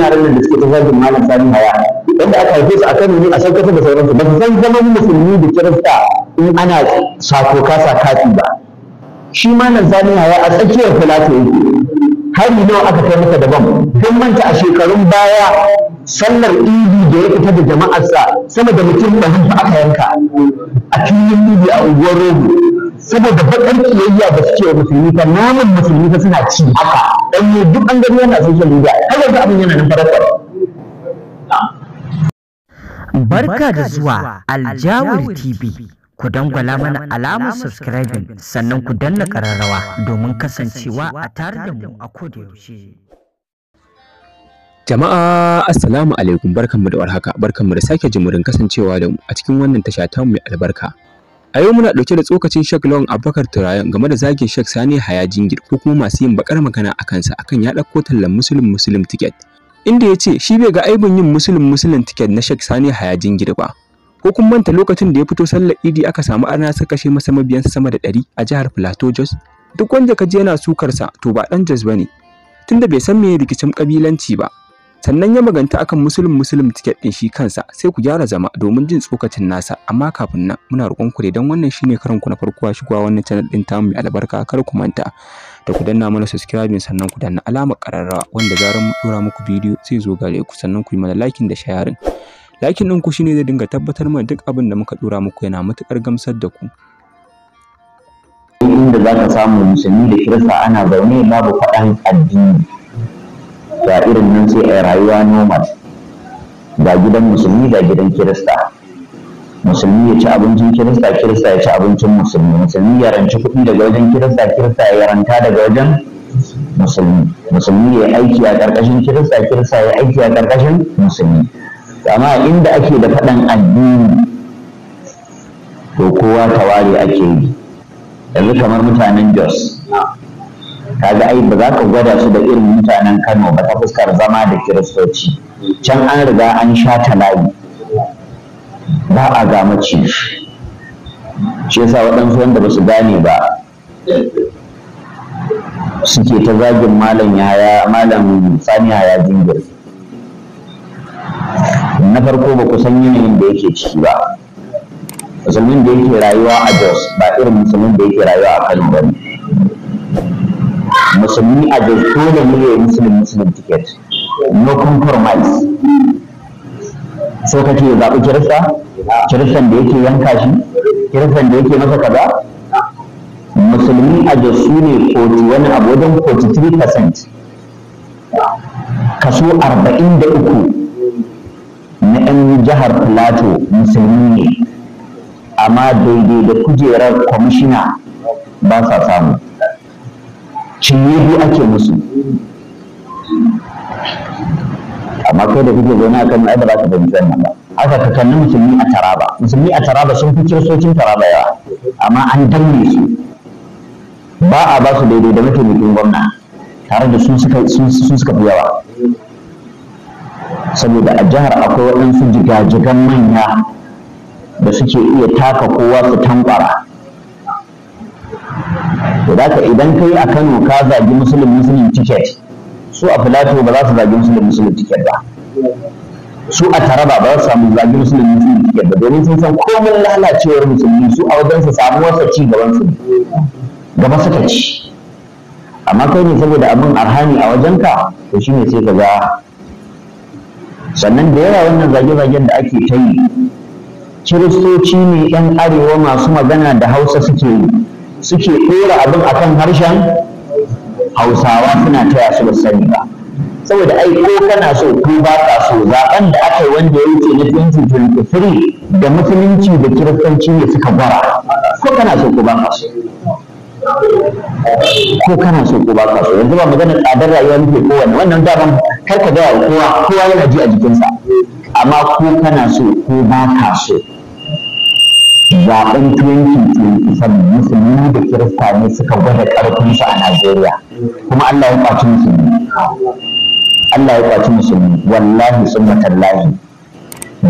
yaran nan da suke tafiyar malam sani haya wanda aka haife su a kano ne a saukata da sauransu ba san musulmi da kirista in ana sako kasa ba shi malam sani haya a tsakiyar filato yake hari nawa aka kai masa daban don manta a shekarun baya sallar idi da ya fita da jama'arsa sama da mutum ɗari aka yanka a filin idi a unguwar rogo saboda bakar kiyayya ba su ce wa musulmi ta namun musulmi ta suna ci haka dan ne duk an gani yana social media har yanzu abin yana nan farakar barka da zuwa aljawul tv ku dangwala mana alamun subscribing sannan ku danna kararrawa domin kasancewa a tare da mu a kodayaushe. Jama'a assalamu alaikum barkanmu da warhaka barkanmu da sake jimurin kasancewa da mu a cikin wannan tasha ta mai albarka. A yau muna ɗauke da tsokacin Sheikh Lawan Abubakar Turayen game da zagin shek Sani Haya Jingir ko kuma masu yin bakar magana a kansa akan ya ɗauko tallan Musulun Musulun tiket. Inda ya ce shi bai ga aibin yin Musulun Musulun tiket na shek Sani Haya Jingir ba. Ko kun manta lokacin da ya fito sallar Idi aka samu arna suka kashe masa mabiyansa sama da ɗari a jihar Plateau Jos? Duk wanda ka je yana sukarsa to ba ɗan Jos ba ne. Tunda bai san me rikicin kabilanci ba, sannan ya maganta akan musulun musulun tiket ɗin shi kansa sai ku gyara zama domin jin tsokacin nasa amma kafin nan muna roƙon ku dan wannan shine karan ku na farko a shigowa wannan channel din ta mai albarka kar ku manta da ku danna mana subscribing sannan ku danna alamar ƙararrawa wanda zaran mu dora muku bidiyo zai zo gare ku sannan ku yi mana liking da sharing liking din ku shine zai dinga tabbatar mana duk abin da muka dora muku yana matukar gamsar da ku inda zaka samu musulmi da kirista ana zaune babu faɗan addini Da irin nan sai a rayuwa nomad ga gidan musulmi ga gidan kirista musulmi ya ci abincin kirista kirista ya ci abincin musulmi musulmi ya ranci kuɗi daga wajen kirista kirista ya ranta daga wajen musulmi musulmi ya aiki a ƙarƙashin kirista kirista ya aiki a ƙarƙashin musulmi amma inda ake da faɗan addini to kowa tawari ake yi yanzu kamar mutanen jos kaga ai ba za ka gwada su da irin mutanen Kano ba ta fuskar zama da kiristoci can an riga an sha talayi ba a mace. shi yasa waɗansu wanda ba su gane ba suke ta zagin malam yaya malam sani yaya jingir na farko ba ku san yanayin da yake ciki ba musulmin da yake rayuwa a jos ba irin musulmin da yake rayuwa a kano ba ne musulmi a da dole ne ya yi musulun musulun ticket no compromise so kake zaɓi kirista kiristan da yake yanka shi kiristan da yake masa kaza musulmi a da su ne koti wani abu wajen 43% kaso 43 na 'yan jihar plato musulmi ne amma daidai da kujerar kwamishina ba sa samu cinyedu ake musu amma kai da kuke zaune akan ai ba za ka fahimci nan ba aka ka musulmi a taraba musulmi a taraba sun fi kiristocin taraba yawa amma an danne su ba a ba su daidai da mataimakin gwamna tare da su suka su suka fi yawa saboda a jihar akwai waɗansu jigajigan manya da suke iya taka kowa su tankwara to da ka idan kai a Kano ka zagi musulun musulun ticket su a filato ba za su zagi musulun musulun ticket ba su a taraba ba za su samu zagi musulun musulun ticket ba domin sun san komai lalacewar musulmi su a wajen su samu wasa ci gaban su gaba suka ci amma kai ne saboda abin arhani a wajenka to shi ne sai ka ga sannan da yawa wannan zage-zagen da ake ta yi kiristoci ne 'yan arewa masu magana da hausa suke yi suke ɗora abin akan harshen hausawa suna taya su ba sani ba saboda ai ko kana so ko ba ka so zaben da aka yi wanda ya wuce na 2023 da musulunci da kiristanci ne suka gwara ko kana so ko ba ka so ko kana so ko ba ka so yanzu ba magana tsadar rayuwa muke kowanne wannan ban kar ka gaya kowa kowa yana ji a jikinsa amma ko kana so ko ba ka so zaben 2027 musulmi da kirista ne suka gwada ƙarfinsu a Najeriya kuma Allah ya kwaci musulmi Allah ya kwaci musulmi wallahi sun matallahi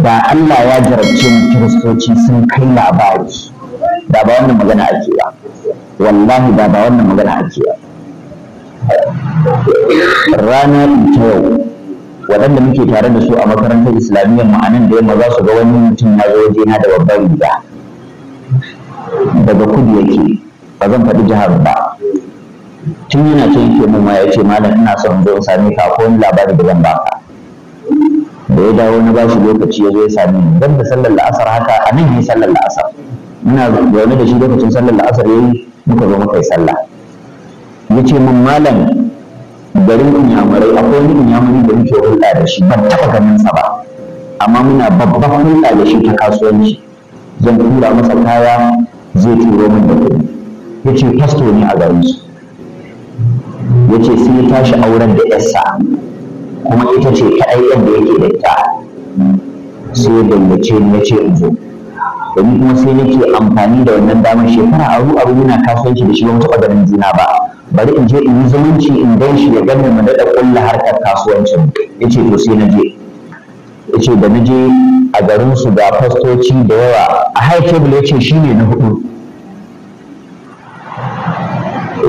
Ba Allah ya jarabce mu kiristoci sun kai labari da ba wannan magana ake ba wallahi da ba wannan magana ake ba rana ta yau waɗanda muke tare da su a makarantar islamiyyar ma'anan da yamma za su ga wani mutum na zo na da babban riga daga kudu yake ba zan faɗi jihar ba tun yana ce yake mun ma ya ce malam ina son zo same ka ko wani labari da zan baka da ya dawo na bashi lokaci ya zo ya same ni dan da sallar la'asar haka a nan yi sallar la'asar ina zaune da shi lokacin sallar la'asar yayi muka zo muka yi sallah ya ce mun malam garin inyamurai akwai wani inyamuri da muke hulɗa da shi ban taɓa ganin sa ba amma muna babban hulɗa da shi ta kasuwanci zan tura masa kaya zai turo min da kuɗi Yace, ce fasto ne a gare su ya sai ya tashi auren da yarsa kuma ita ce kaɗai yadda yake da ita sai ya dangace ni ya ce in zo domin kuma sai nake amfani da wannan damar shekara aru aru yana kasuwanci da shi ba mu taɓa ganin juna ba bari in je in yi zumunci in gan shi ya gani mu daɗa ƙulla harkar kasuwancin ya ce to sai na je ya da na je a garinsu su ga fastoci da yawa a high table yace ce shi ne na hudu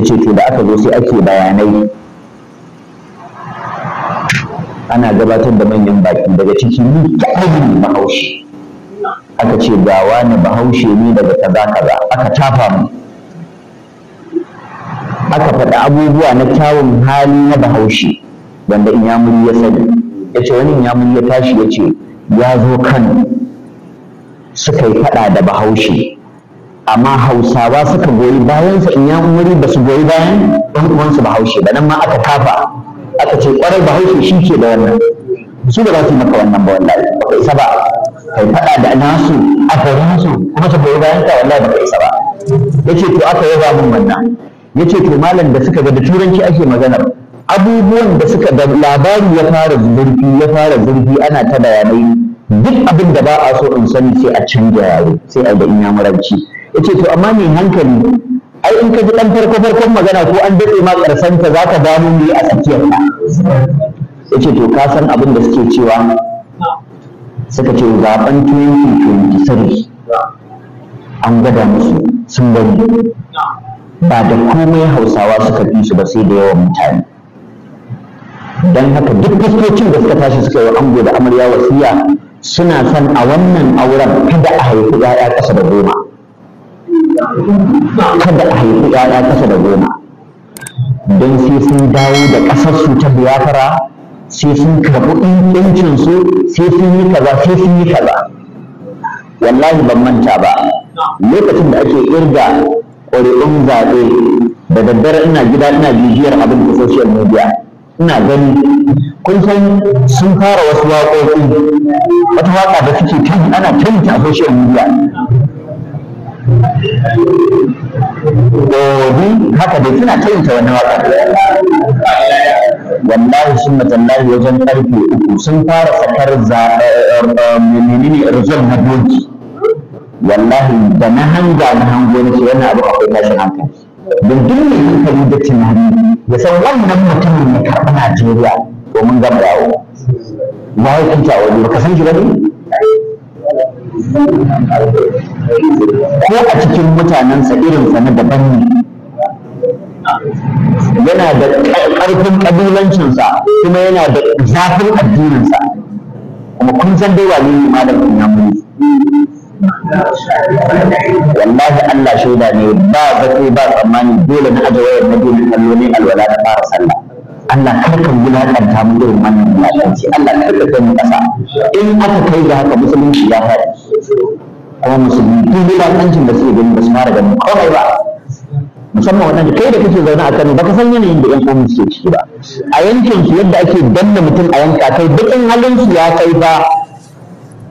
ce to da aka zo sai ake bayanai ana gabatar da manyan baki daga ciki ni kaɗai bahaushe aka ce ga wani bahaushe ne daga kaza kaza aka tafa mu aka faɗi abubuwa na kyawun hali na bahaushe wanda inyamuri ya sani ya ce wani inyamuri ya tashi ya ce ya zo kan suka yi faɗa da bahaushe amma hausawa suka goyi bayansa in ya umari ba su goyi bayan ɗan uwansu bahaushe ba nan ma aka kafa aka ce ƙwarar bahaushe shi ke da wannan su ba za su yi maka wannan ba wallahi ba ka isa ba kai faɗa da nasu a garin su kuma su goyi bayan ka wallahi ba ka isa ba Ya ce to aka yaba min wannan ce to malam da suka ga da turanci ake maganar abubuwan da suka da labari ya fara zurfi ya fara zurfi ana ta bayanai duk abin da ba a so in sani sai a canja yare sai a ga ya inyamuranci yace to amma ni hankali ai in ka ji dan farko farkon magana ko an dade ma karsan ta zaka gano yi a tsakiyar ka. yace to ka san abin da suke cewa suka ce zaben 2023 an gada musu sun bari ba da komai hausawa suka fi su ba sai da yawan mutane don haka duk fuskocin da suka tashi suka yi ango da amarya wasiya suna son a wannan auren kada a haifi 'ya'ya ƙasa da goma kada a haifi ƴaƴa kasa da goma don sai sun dawo da ƙasar su ta biyafara sai sun karɓi su sai sun yi kaza sai sun yi kaza wallahi ban manta ba lokacin da ake irga ƙuri'un zaɓe da daddare ina gida ina bibiyar abin da social media ina gani kun san sun fara wasu waƙoƙi wata waƙa da suke ana ta a social media gobi haka dai suna ta yin wani waka wallahi sunna tallahi wajen karfe uku sun fara sakar eh, eh, eh, menene result na doki wallahi da na hanga na hango ne ce wannan abu akwai tashin hankali don duk mai hankali da tunani ya san wannan mutumin ya karɓi Najeriya domin gama yawo ya yi kinta waje baka san shi ba ne ko a cikin mutanensa sa na daban ne yana da ƙarfin ƙabilancinsa kuma yana da zafin addininsa kuma kun san dai wani ne malamin ya wallahi Allah shaida ne ba zato ba tsammani dole na aje wayar na dole kallo ne alwala da fara sallah Allah kar ka wulakanta mu irin wannan wulakanci Allah kar ka kai mu ƙasa in aka kai da haka musulunci ya faɗi kuma musulmi duk wulakancin da suke ganin ba su fara ganin komai ba musamman waɗanda kai da kake zaune a Kano baka san yanayin da 'yan uwan suke ciki ba a yankin su yadda ake danna mutum a yanka kai duk in halin su ya kai ba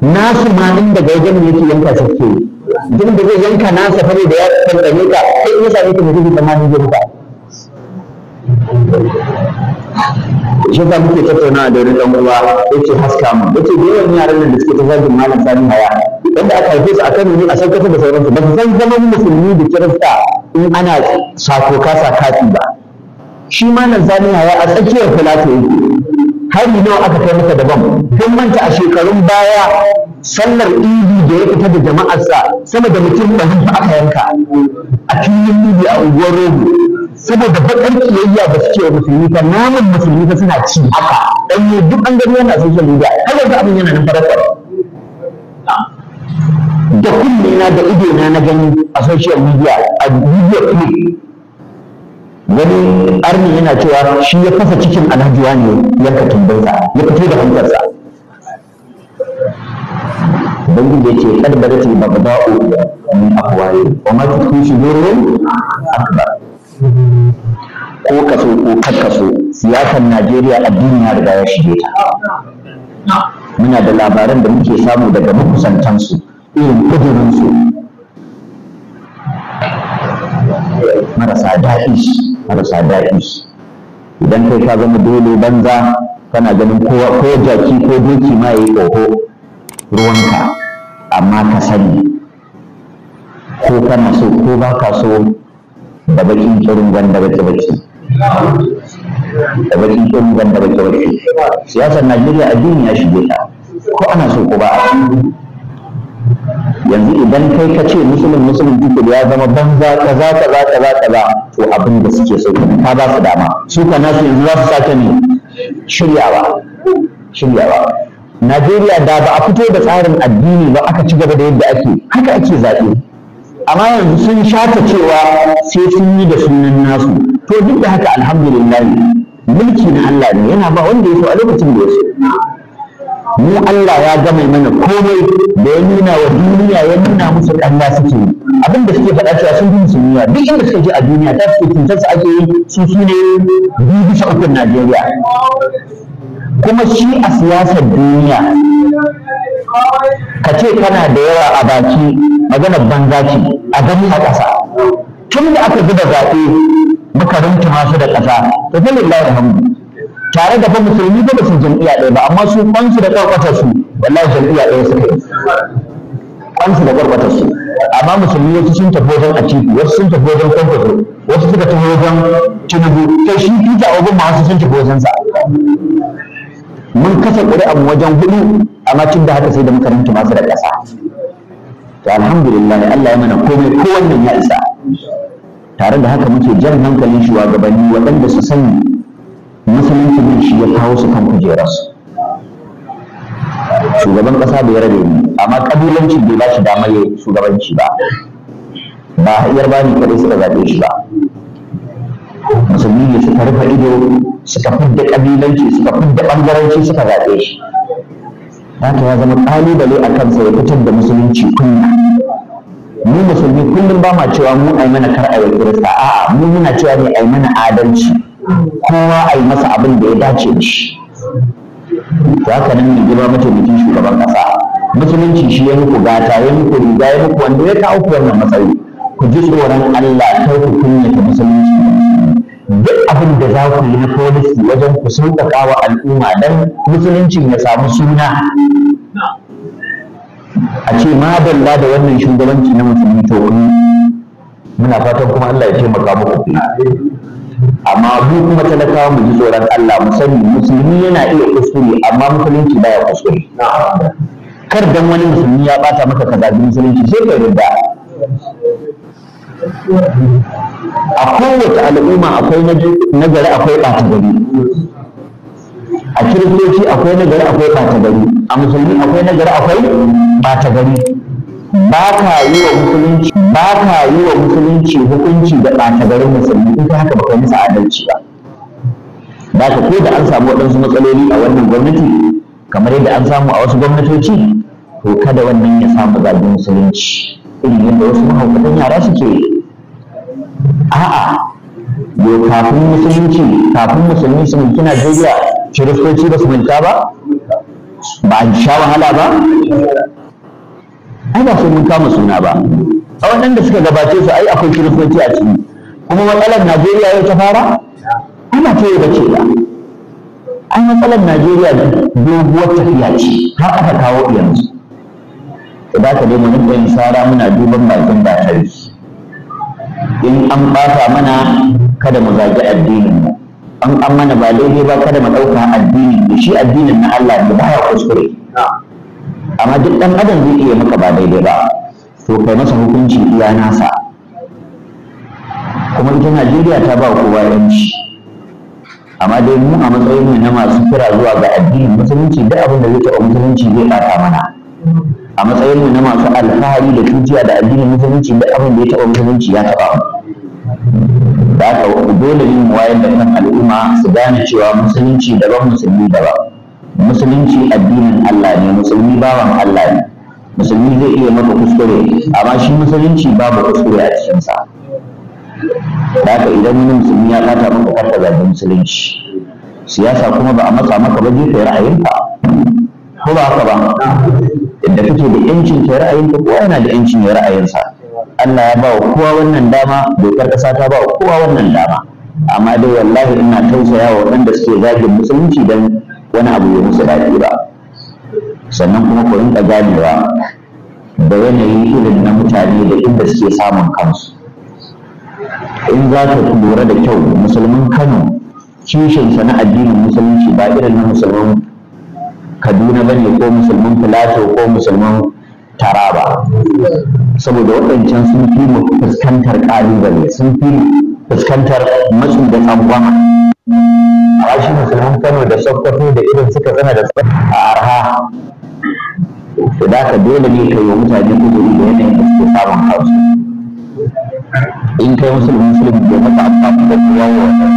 nasu ma inda gajen ne yake yanka su ke duk da zai yanka nasa fare da ya tantane ka sai in ya same ka mutum da mani zai ka shi ka muke tattaunawa da wani ɗan uwa yake haska mu yace da yawan yaran nan da suke ta zagin malam sani haya wanda aka haife su a Kano ne a Sokoto da sauransu ba su san zama musulmi da kirista in ana sako kasa kafi ba shi ma nan zaniya ya a tsakiyar filato yake hari nawa aka kai masa daban kun manta a shekarun baya sallar idi da ya fita da jama'arsa sama da mutum ɗari fa aka yanka a filin idi a unguwar rogo saboda baƙar kiyayya ba suke musulmi ta namun musulmi ta suna ci haka ɗanye duk an gani yana social media har yanzu abin yana nan farakar na da ido na na gani a social media a video clip wani arni yana cewa shi ya fasa cikin alhaji wani ya fito da hankarsa ubangiji ya ce ba ba babda'u min afwahi wa ma tukun a akbar ko kaso ko kakkaso siyasar Najeriya addini ya riga ya shige ta muna da labaran da muke samu daga makusantansu irin kudurinsu marasa daɗi marasa daɗi idan kai ka zama dole banza kana ganin kowa ko jaki ko doki ma yayi ƙoƙo ruwanka amma ka sani ko kana so ko ba ka so da bakin kirin gwanda bace bakin da bakin kirin gwanda bace bakin siyasar najeriya a ya shige ta ko ana so ko ba a yanzu idan kai ka ce musulun musulun duka ya zama banza kaza kaza kaza kaza to abin da suke so ka ba su dama su ka nasu yanzu za su sake ne shiryawa shiryawa Najeriya da ba a fito da tsarin addini ba aka ci gaba da yadda ake haka ake zaɓe amma yanzu sun shata cewa sai sun yi da sunan nasu to duk da haka alhamdulillah mulki na Allah ne yana ba wanda ya so a lokacin da ya so mu Allah ya gama mana komai da ya nuna wa duniya ya nuna musu ƙarya suke yi abin da suke faɗa cewa sun fi musulmiya duk inda suka je a duniya ta suke cutar su ake yi su su ne biyu bisa ukun Najeriya kuma shi a siyasar duniya ka ce kana da yawa a baki maganar banza ce a gani a ƙasa tun da aka zuba zaɓe muka rinta masu da ƙasa to fa lillahi tare da fa musulmi ba su jam'iyya ɗaya ba amma su kwansu da ƙarƙatar su wallahi jam'iyya ɗaya suka yi kwansu da ƙarƙatar su amma musulmi wasu sun tafi wajen atiku wasu sun tafi wajen kwankwaso wasu suka tafi wajen tinubu kai shi fita wajen masu sun tafi wajen sa mun kasa ƙuri'an wajen hudu amma tun da haka sai da makarantu masu da ƙasa to alhamdulillah Allah ya mana komai ko wannan ya isa tare da haka muke jan hankalin shugabanni waɗanda su sani musulunci ne shi ya kawo su kan kujerarsu shugaban ƙasa da ya rabe ni amma ƙabilanci bai ba shi damar ya shugabanci ba ba hanyar ba ni kaɗai suka zaɓe shi ba musulmi ne suka rufe ido suka fidda ƙabilanci suka fidda ɓangaranci suka zaɓe shi haka ya zama ƙalubale a kansa ya fitar da musulunci kunya mu musulmi kullum ba ma cewa mu aimana mana kar a yi kirista a'a mu muna cewa ne aimana mana adalci kowa a yi masa abin da ya dace da shi to haka nan ne girma mataimakin shugaban kasa musulunci shi ya muku gata ya muku riga ya muku wanda ya kawo ku wannan matsayi ku ji tsoron Allah kar ku kunyata musulunci duk abin da za ku yi na wajen ku sauƙaƙa wa al'umma dan musuluncin ya samu suna a ce ma dalla da wannan shugabanci na musulmi to muna fatan kuma Allah ya taimaka muku amma mu kuma talakawa mu ji tsoron Allah mu sani musulmi yana iya kuskure amma musulunci baya kuskure kar dan wani musulmi ya bata maka kaza musulunci sai ka yarda a kowace al'umma akwai nagari akwai ɓata gari a kiristoci akwai nagari akwai ɓata gari a musulmi akwai nagari akwai ɓata gari ba ka yi wa musulunci ba ka yi wa musulunci hukunci da ɓata garin musulmi in ta haka ba kai musu adalci ba ba ka ko da an samu waɗansu matsaloli a wannan gwamnati kamar yadda an samu a wasu gwamnatoci to kada wannan ya samu zargi musulunci irin yadda wasu mahaukatan yara suke yi a'a yau kafin musulunci kafin musulmi su mulki Najeriya kiristoci ba su mulka ba ba a sha wahala ba ai ba sai mun kama suna ba a waɗanda suka gabace su ai akwai kiristoci a ciki kuma matsalar najeriya yau ta fara ana ta yi da ce ai matsalar najeriya doguwar tafiya ce ta aka kawo yanzu da ka dai mu rinka yin sara muna duban bakin batari in an ɓata mana kada mu zagi addinin mu an an mana ba daidai ba kada mu ɗauka addinin da shi addinin na Allah da baya kuskure amma duk ɗan adam zai iya maka ba daidai ba to kai masa hukunci iya nasa kuma ita najeriya ta ba kowa yanci amma dai mu a matsayin mu na masu kira zuwa ga addinin musulunci duk abin da zai taɓa musulunci zai ɓata mana a matsayin mu na masu alfahari da tujiya da addinin musulunci duk abin da ya taɓa musulunci ya taɓa da haka dole ne mu wayar da kan al'umma su gane cewa musulunci daban musulmi daban musulunci addinin Allah ne musulmi bawan Allah ne musulmi zai iya maka kuskure amma shi musulunci babu kuskure a cikinsa sa haka idan wani musulmi ya bata maka karka da musulunci siyasa kuma ba a matsa maka ba zai ra'ayinka ko ba haka ba inda kake da yancin kai ra'ayinka ko yana da yancin ya ra'ayinsa Allah ya ba wa kowa wannan dama dokar ƙasa ta ba wa kowa wannan dama amma dai wallahi ina tausaya wa waɗanda suke zagin musulunci don wani abu ya musu daɗi ba sannan kuma ku rinka ganewa da yanayin irin na mutane da inda suke samun kansu in za ka lura da kyau musulmin kano kishinsa na addinin musulunci ba irin na musulmin kaduna ne ko musulmin filato ko musulmin taraba saboda waɗancan sun fi mu fuskantar ƙalubale sun fi fuskantar matsu da tsangwama ba shi musulmin kano da sokoto da irin suka zana da tsaye a arha to da ka dole ne ka yi wa mutane kuzuri da yanayin da suke samun hausa in kai musulmi musulmi da maka amfani da kuma wannan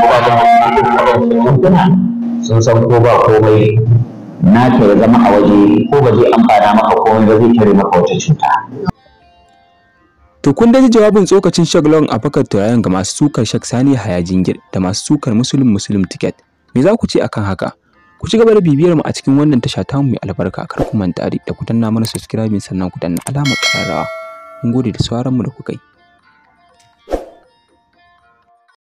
ko ba ga musulmi sun san ko ba komai na ke zama a waje ko ba zai amfana maka komai ba zai kare maka wata cuta To kun dai jawabin tsokacin shaglon a fakar turayen ga masu sukar Shak Sani Haya Jingir da masu sukar Muslim Muslim Ticket. Me za ku ce akan haka? Ku ci gaba da bibiyar mu a cikin wannan tasha ta mu mai albarka kar ku manta da ku danna mana subscribe sannan ku danna alamar ƙararrawa. Mun gode da sauraron mu da kuka yi.